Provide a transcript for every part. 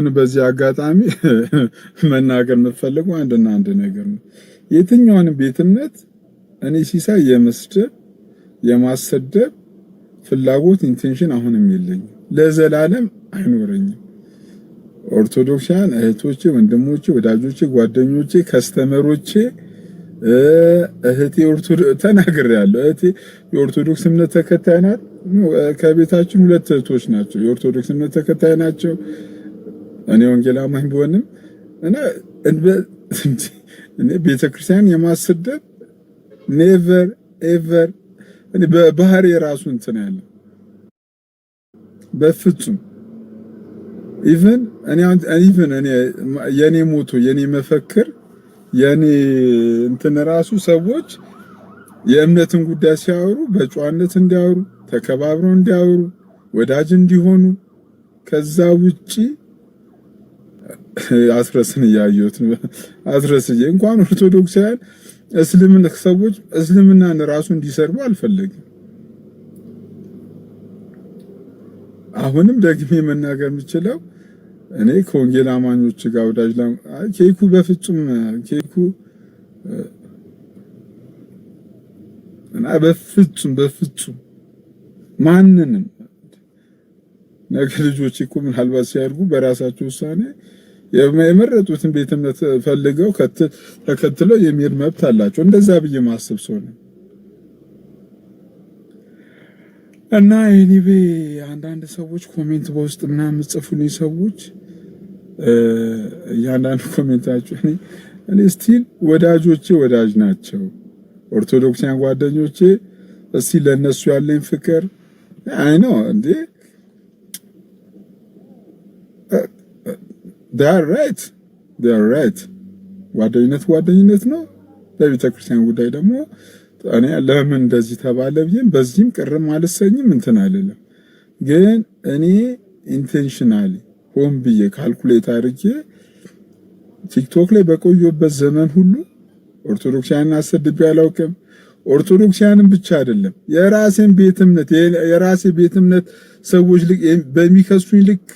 አሁን በዚህ አጋጣሚ መናገር የምፈልገው አንድና አንድ ነገር ነው። የትኛውን ቤት እምነት እኔ ሲሳይ የመስደብ የማሰደብ ፍላጎት ኢንቴንሽን አሁንም የለኝም፣ ለዘላለም አይኖረኝም። ኦርቶዶክሳን እህቶቼ፣ ወንድሞቼ፣ ወዳጆቼ፣ ጓደኞቼ፣ ከስተመሮቼ እህቴ ኦርቶዶክስ ተናግር ያለው እህቴ የኦርቶዶክስ እምነት ተከታይ ናት። ከቤታችን ሁለት እህቶች ናቸው የኦርቶዶክስ እምነት ተከታይ ናቸው። እኔ ወንጌል አማኝ ብሆንም ቤተክርስቲያን የማሰደብ ኔቨር ኤቨር በባህሪ የራሱ እንትን ያለ በፍጹም ኢቨን እኔ ኢቨን እኔ የኔ ሞቶ የኔ መፈክር የኔ እንትን ራሱ ሰዎች የእምነትን ጉዳይ ሲያወሩ በጨዋነት እንዲያወሩ ተከባብረው እንዲያወሩ ወዳጅ እንዲሆኑ ከዛ ውጪ አስረስን እያየሁት አስረስዬ እንኳን ኦርቶዶክሳውያን እስልምና ሰዎች እስልምናን ራሱ እንዲሰርቡ አልፈለግም። አሁንም ደግሜ መናገር የምችለው እኔ ከወንጌል አማኞች ጋር ወዳጅ ኬኩ በፍጹም ኬኩ እና በፍጹም በፍጹም ማንንም ነገ ልጆች እኮ ምናልባት ሲያድጉ በራሳቸው ውሳኔ የመረጡትን ቤት እምነት ፈልገው ተከትለው የሚሄድ መብት አላቸው። እንደዛ ብዬ ማሰብ ሰው ነው እና ኤኒዌ አንዳንድ ሰዎች ኮሜንት በውስጥ ምናምን ጽፉልኝ ሰዎች እያንዳንዱ ኮሜንታችሁ እኔ ስቲል ወዳጆቼ ወዳጅ ናቸው ኦርቶዶክሲያን ጓደኞቼ እስቲ ለእነሱ ያለኝ ፍቅር አይ ነው እንዴ ራይት ራይት ጓደኝነት ጓደኝነት ነው። በቤተ ክርስቲያን ጉዳይ ደግሞ እኔ ለምን እንደዚህ ተባለ ብዬም በዚህም ቅርም አልሰኝም እንትን አልልም። ግን እኔ ኢንቴንሽናሊ ሆን ብዬ ካልኩሌት አድርጌ ቲክቶክ ላይ በቆየበት ዘመን ሁሉ ኦርቶዶክሲያንን አሰድቤ አላውቅም። ኦርቶዶክሲያንን ብቻ አይደለም የራሴን ቤት እምነት የራሴ ቤት እምነት ሰዎች በሚከሱኝ ልክ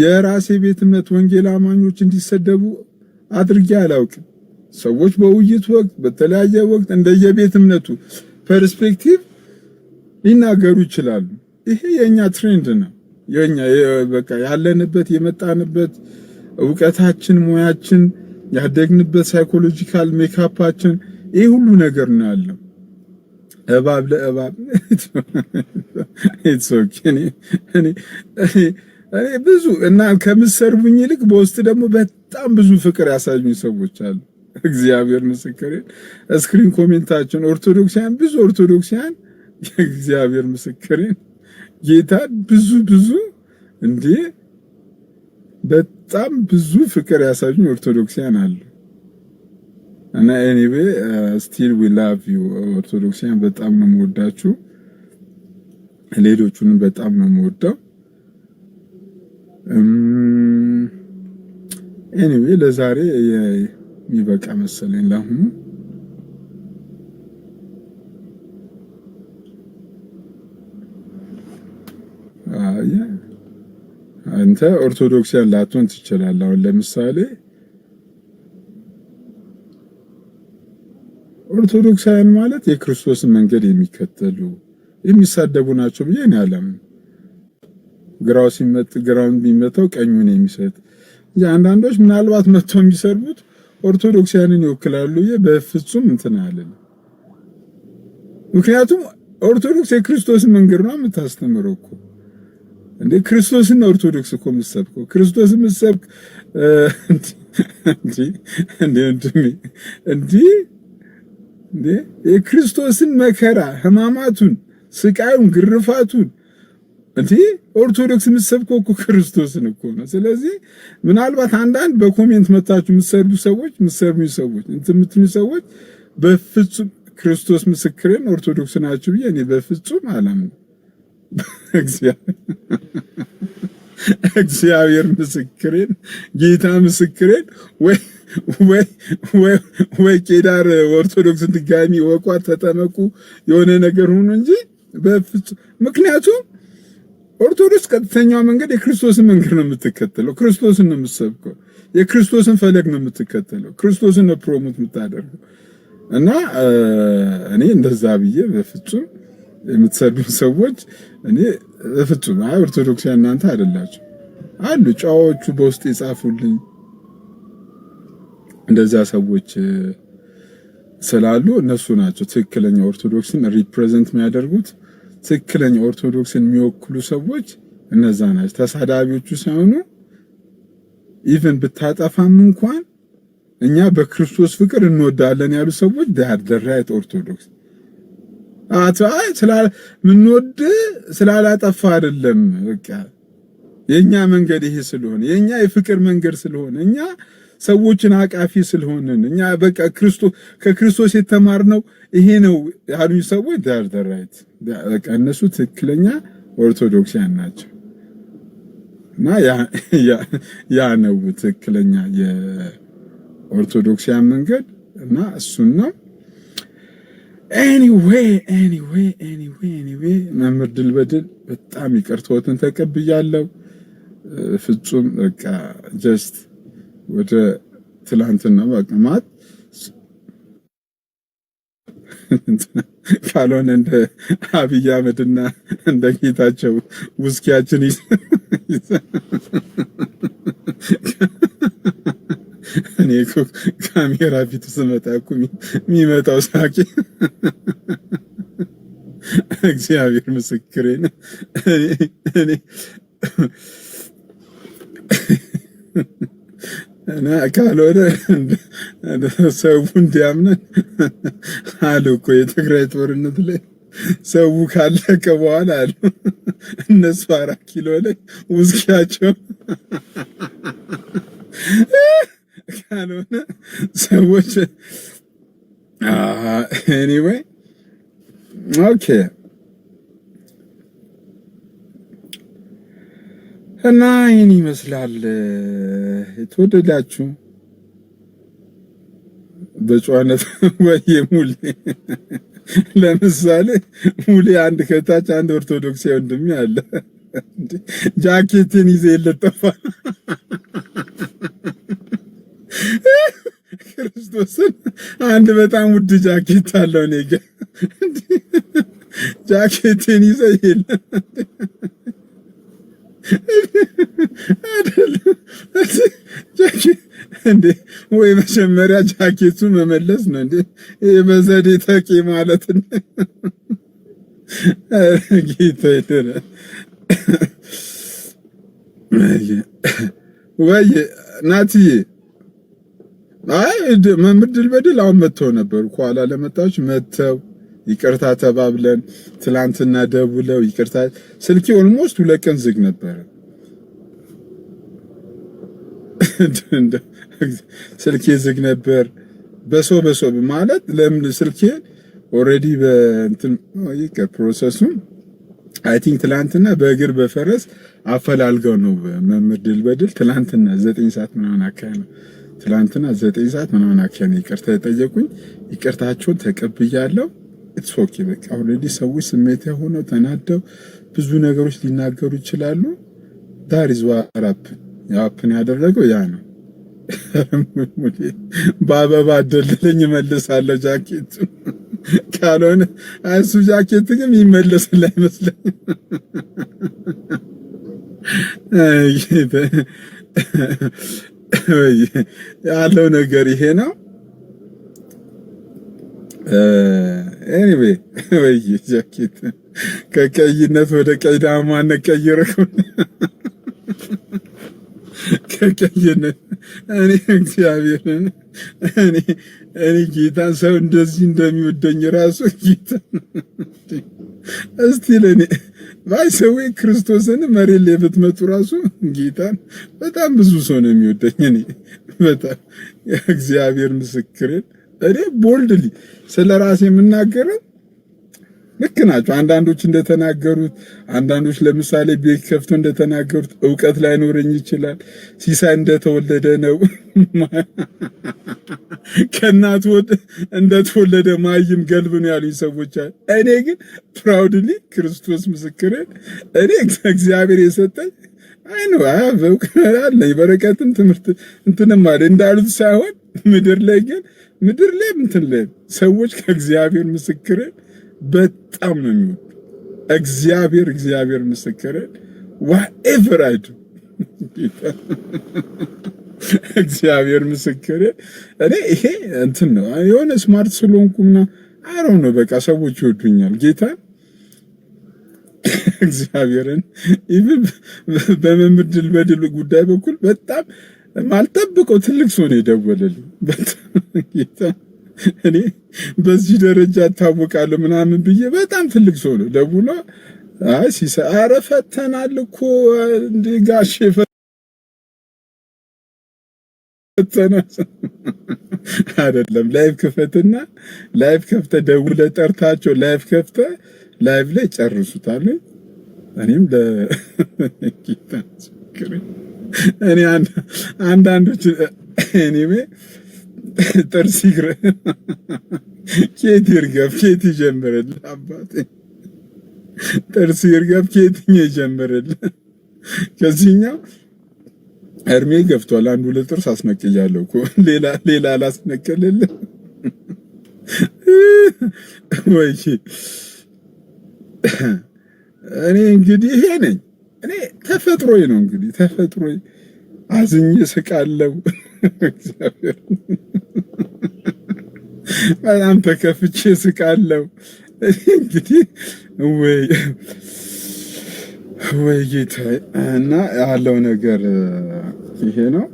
የራሴ ቤት እምነት ወንጌል አማኞች እንዲሰደቡ አድርጌ አላውቅም። ሰዎች በውይይት ወቅት በተለያየ ወቅት እንደየቤት እምነቱ ፐርስፔክቲቭ ሊናገሩ ይችላሉ። ይሄ የኛ ትሬንድ ነው። የኛ በቃ ያለንበት የመጣንበት እውቀታችን፣ ሙያችን፣ ያደግንበት ሳይኮሎጂካል ሜካፓችን ይህ ሁሉ ነገር ነው ያለው። እባብ ለእባብ እኔ ብዙ እና ከምትሰርቡኝ ይልቅ በውስጥ ደግሞ በጣም ብዙ ፍቅር ያሳዩኝ ሰዎች አሉ። እግዚአብሔር ምስክሬ፣ ስክሪን ኮሜንታችን ኦርቶዶክሲያን፣ ብዙ ኦርቶዶክሲያን የእግዚአብሔር ምስክሬን ጌታን ብዙ ብዙ እንዴ በጣም ብዙ ፍቅር ያሳዩኝ ኦርቶዶክሲያን አሉ። እና ኤኒዌ ስቲል ዊ ላቭ ዩ ኦርቶዶክሲያን፣ በጣም ነው የምወዳችሁ። ሌሎቹንም በጣም ነው የምወደው። ኤኒዌ ለዛሬ የሚበቃ መሰለኝ ለአሁኑ። አንተ ኦርቶዶክሲያን ላትሆን ትችላለህ። አሁን ለምሳሌ ኦርቶዶክሳውያን ማለት የክርስቶስን መንገድ የሚከተሉ የሚሳደቡ ናቸው ብዬ ነው ያለምን ግራው ሲመጥ ግራውን ቢመታው ቀኙን የሚሰጥ እንጂ አንዳንዶች ምናልባት መጥቶ የሚሰርቡት ኦርቶዶክሳውያንን ይወክላሉ። በፍጹም እንትን አለን። ምክንያቱም ኦርቶዶክስ የክርስቶስን መንገድ ነው የምታስተምረው እኮ እንዴ ክርስቶስን ኦርቶዶክስ እኮ የምትሰብከው ክርስቶስን የምትሰብክ እንዲህ እንዴ የክርስቶስን መከራ ሕማማቱን፣ ስቃዩን፣ ግርፋቱን እንዴ ኦርቶዶክስ የምትሰብከው እኮ ክርስቶስን እኮ ነው። ስለዚህ ምናልባት አንዳንድ በኮሜንት መታችሁ የምትሰዱ ሰዎች የምትሰሙኝ ሰዎች እንትን የምትሉኝ ሰዎች በፍጹም ክርስቶስ ምስክርን ኦርቶዶክስ ናችሁ ብዬ እኔ በፍጹም አላምንም። እግዚአብሔር ምስክሬን፣ ጌታ ምስክሬን ወይ ወይ ቄዳር ኦርቶዶክስን ድጋሚ ወቋ ተጠመቁ የሆነ ነገር ሁኑ እንጂ በፍጹም ምክንያቱም ኦርቶዶክስ ቀጥተኛው መንገድ የክርስቶስን መንገድ ነው የምትከተለው። ክርስቶስን ነው የምትሰብከው። የክርስቶስን ፈለግ ነው የምትከተለው። ክርስቶስን ነው ፕሮሞት የምታደርገው። እና እኔ እንደዛ ብዬ በፍጹም የምትሰዱ ሰዎች እኔ በፍጹም አይ ኦርቶዶክስ እናንተ አይደላችሁ አሉ ጫዎቹ በውስጥ የጻፉልኝ እንደዛ ሰዎች ስላሉ እነሱ ናቸው ትክክለኛ ኦርቶዶክስን ሪፕሬዘንት የሚያደርጉት። ትክክለኛ ኦርቶዶክስን የሚወክሉ ሰዎች እነዛ ናቸው። ተሳዳቢዎቹ ሳይሆኑ ኢቨን ብታጠፋም እንኳን እኛ በክርስቶስ ፍቅር እንወዳለን ያሉ ሰዎች ዳር ደራይት ኦርቶዶክስ አታይ ምንወድ ስላላጠፋ አይደለም። በቃ የኛ መንገድ ይሄ ስለሆነ የኛ የፍቅር መንገድ ስለሆነ እኛ ሰዎችን አቃፊ ስለሆንን እኛ በቃ ክርስቶስ ከክርስቶስ የተማርነው ይሄ ነው ያሉኝ ሰዎች ዳርደራይት እነሱ ትክክለኛ ኦርቶዶክሲያን ናቸው። እና ያ ነው ትክክለኛ የኦርቶዶክሲያን መንገድ እና እሱን ነው። ኤኒዌይ ኤኒዌይ ኤኒዌይ ኤኒዌይ መምህር ድል በድል በጣም ይቅርታዎትን ተቀብያለሁ። ፍጹም በቃ ጀስት ወደ ትላንትና በቃ ካልሆነ እንደ አብይ አህመድና እንደ ጌታቸው ውስኪያችን እኔ እኮ ካሜራ ፊት ስመጣ እኮ የሚመጣው ሳቂ እግዚአብሔር ምስክሬ ነው። እኔ እና ካልሆነ ሰው እንዲያምነን አሉ እኮ የትግራይ ጦርነት ላይ ሰው ካለቀ በኋላ አሉ እነሱ አራት ኪሎ ላይ ውዝቂያቸው ካልሆነ ሰዎች ኤኒዌይ ኦኬ እና ይህን ይመስላል የተወደዳችሁ በጨዋነት ወይ ሙሌ ለምሳሌ ሙሌ አንድ ከታች አንድ ኦርቶዶክስ ወንድም ያለ ጃኬትን ይዘ የለጠፋ ክርስቶስን አንድ በጣም ውድ ጃኬት አለው ኔጋ ጃኬትን ይዘ የለ እንዴ ወይ መጀመሪያ ጃኬቱ መመለስ ነው እንዴ? ይህ በዘዴ ተቂ ማለት ጌታ ወይ ናትዬ። አይ መምህር ድል በድል አሁን መጥተው ነበር፣ ኋላ ለመጣች መጥተው ይቅርታ ተባብለን ትላንትና ደውለው ይቅርታ ስልኪ ኦልሞስት ሁለት ቀን ዝግ ነበረ። ስልኬ ዝግ ነበር። በሰው በሰው ማለት ለምን ስልኬ ኦልሬዲ በእንትን ይቅር ፕሮሰሱ አይ ቲንክ ትላንትና በእግር በፈረስ አፈላልገው ነው መምህር ድል በድል ትላንትና ዘጠኝ ሰዓት ምናምን አካባቢ ነው ትላንትና ዘጠኝ ሰዓት ምናምን አካባቢ ነው ይቅርታ የጠየቁኝ። ይቅርታቸውን ተቀብያለሁ። ኢትስ ኦኬ በቃ ኦልሬዲ ሰዎች ስሜት ሆነው ተናደው ብዙ ነገሮች ሊናገሩ ይችላሉ። ዳር ይዟ ዋራፕ ያፕን ያደረገው ያ ነው። በአበባ አደለለኝ እመልሳለሁ ጃኬቱ ካልሆነ እሱ ጃኬት ግን ይመለስል አይመስለኝ። ያለው ነገር ይሄ ነው። ኤኒዌ eh, ወይ ጃኬት ከቀይነት ወደ ቀይዳማነት ቀይረህ ከቀይነት እኔ እግዚአብሔርን እኔ እኔ ጌታን ሰው እንደዚህ እንደሚወደኝ ራሱ ጌታ እስቲ ለኔ ባይ ሰው ክርስቶስን መሬት ላይ ብትመጡ ራሱ ጌታን በጣም ብዙ ሰው ነው የሚወደኝ። እኔ በጣም እግዚአብሔር ምስክርን እኔ ቦልድሊ ስለ ራሴ የምናገረ ልክ ናቸው። አንዳንዶች እንደተናገሩት አንዳንዶች ለምሳሌ ቤት ከፍቶ እንደተናገሩት እውቀት ላይኖረኝ ይችላል። ሲሳይ እንደተወለደ ነው ከእናት ወደ እንደተወለደ ማይም ገልብ ነው ያሉኝ ሰዎች አሉ። እኔ ግን ፕራውድሊ ክርስቶስ ምስክርን እኔ እግዚአብሔር የሰጠኝ አይ ነው አለ በረከትም ትምህርት እንትንም አለ እንዳሉት ሳይሆን ምድር ላይ ግን ምድር ላይ ምትል ላይ ሰዎች ከእግዚአብሔር ምስክርን በጣም ነው የሚወዱ። እግዚአብሔር እግዚአብሔር ምስክርን ዋኤቨር አይዱ እግዚአብሔር ምስክር እኔ ይሄ እንትን ነው የሆነ ስማርት ስለሆንኩምና አረው ነው በቃ ሰዎች ይወዱኛል ጌታን እግዚአብሔርን ኢቭን በመምድል በድል ጉዳይ በኩል በጣም ማልጠብቀው ትልቅ ሰው ነው የደወለልኝ። እኔ በዚህ ደረጃ እታወቃለሁ ምናምን ብዬ በጣም ትልቅ ሰው ነው ደውሎ ሲሰ አረ ፈተናል እኮ እንዲህ ጋሼ ፈተና አይደለም ላይቭ ክፈትና ላይቭ ከፍተ ደውለ ጠርታቸው ላይቭ ከፍተ ላይቭ ላይ ጨርሱታል። እኔም ለጌታ ችግር እኔ አንዳንዶች እኔ ጥርስ ይግረ ኬት ይርገፍ ኬት ይጀምርል አባቴ ጥርስ ይርገፍ ኬት ይጀምርል። ከዚህኛው እድሜ ገብቷል። አንድ ሁለት ጥርስ አስነቅያለሁ እኮ ሌላ ሌላ አላስነቅልል ወይ እኔ እንግዲህ ይሄ ነኝ እኔ ተፈጥሮዬ ነው እንግዲህ ተፈጥሮ አዝኜ ስቃለው። እግዚአብሔር በጣም ተከፍቼ ስቃለው። እንግዲህ ወይ ወይ ጌታ እና ያለው ነገር ይሄ ነው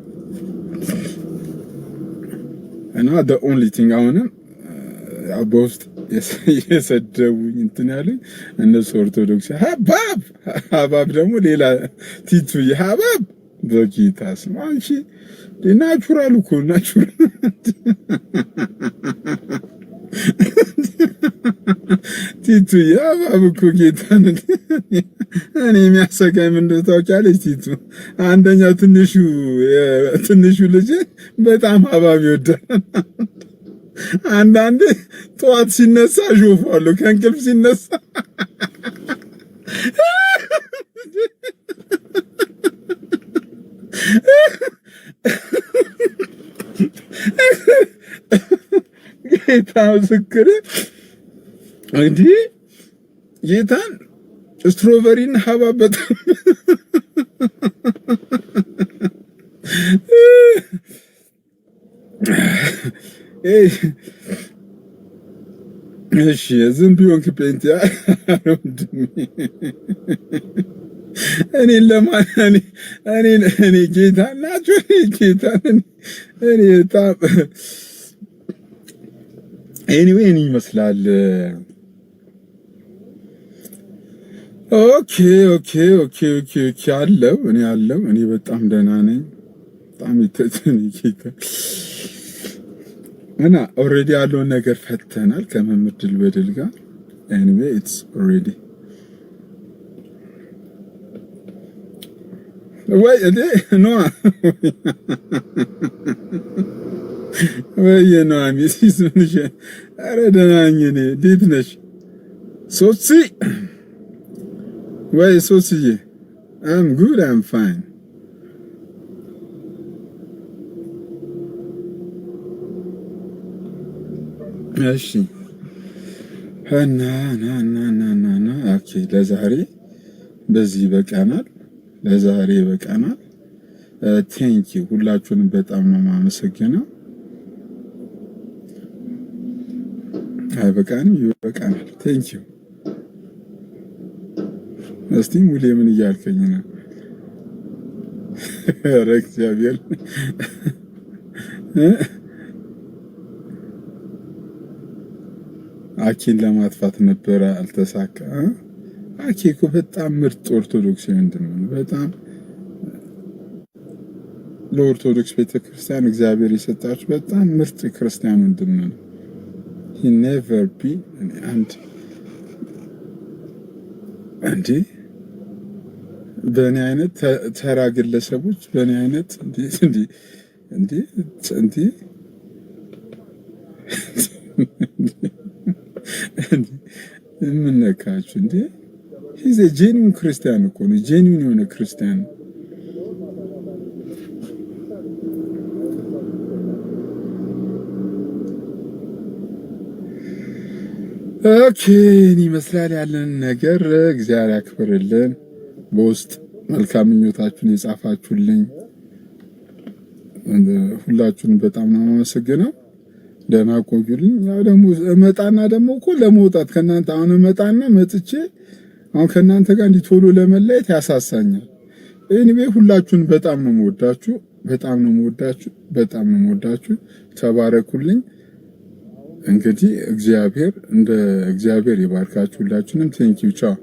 እና ኦንሊ ቲንግ አሁንም በውስጥ የሰደቡኝ እንትን ያለ እነሱ ኦርቶዶክስ ሀባብ ሀባብ ደግሞ ሌላ ቲቱ ሀባብ በጌታ ስም አንቺ ናቹራል እኮ ናቹራል ቲቱ ሀባብ እኮ ጌታ እኔ የሚያሰጋኝ ምንድን ታውቂያለሽ? ቲቱ አንደኛው ትንሹ ትንሹ ልጅ በጣም ሀባብ ይወዳል። አንዳንድ ጠዋት ሲነሳ ሾፋለሁ ከእንቅልፍ ሲነሳ ጌታ ምስክር እንዲህ ጌታን ስትሮበሪን ሀባ በጣም እሺ ዝም ቢሆንክ ጴንጤ እኔን ለማን እኔ ጌታ ናቸው ጌታ እኔ በጣም ኤኒዌይ እኔ ይመስላል። ኦኬ ኦኬ ኦኬ ኦኬ ኦኬ አለው እኔ አለው እኔ በጣም ደህና ነኝ። በጣም ይተትን ጌታ እና ኦልሬዲ ያለውን ነገር ፈተናል ከመምድል ድል በድል ጋር ኤኒዌይ ኢትስ ኦልሬዲ ወይ እዴ ኖዋ ወይ ኖዋ ሚሲስ ምንሽ አረ ደህና ነኝ እኔ እንዴት ነሽ ሶሲ ወይ ሶሲዬ አም ጉድ አም ፋይን እሺ እና እና እና እና ኦኬ፣ ለዛሬ በዚህ በቃናል። ለዛሬ በቃናል። ቴንኪ ሁላችሁንም በጣም ነው የማመሰግነው። አይበቃንም፣ ይበቃናል። ቴንኪ እስቲ ሙሌ ምን እያልከኝ ነው? ኧረ እግዚአብሔር አኬን ለማጥፋት ነበረ፣ አልተሳካ። አኬ እኮ በጣም ምርጥ ኦርቶዶክስ ወንድም ነው። በጣም ለኦርቶዶክስ ቤተክርስቲያን እግዚአብሔር የሰጣችሁ በጣም ምርጥ ክርስቲያን ወንድም ነው። ኔቨር ቢ አንድ እንዴ በእኔ አይነት ተራ ግለሰቦች በእኔ አይነት እንዴ እንዴ የምነካችሁ እንደ ሂዘ ጄኒውን ክርስቲያን እኮ ነው። ጄኒውን የሆነ ክርስቲያን ነው። ኦኬ ይመስላል ያለን ነገር። እግዚአብሔር ያክብርልን። በውስጥ መልካም ምኞታችሁን የጻፋችሁልኝ ሁላችሁን በጣም ነው የማመሰግነው። ደህና ቆዩልኝ። ያው ደግሞ እመጣና ደግሞ እኮ ለመውጣት ከእናንተ አሁን እመጣና መጥቼ አሁን ከእናንተ ጋር እንዲህ ቶሎ ለመለየት ያሳሳኛል። እኔ ሁላችሁን በጣም ነው የምወዳችሁ፣ በጣም ነው የምወዳችሁ፣ በጣም ነው የምወዳችሁ። ተባረኩልኝ። እንግዲህ እግዚአብሔር እንደ እግዚአብሔር ይባርካችሁ ሁላችሁንም። ቴንኪው ቻው።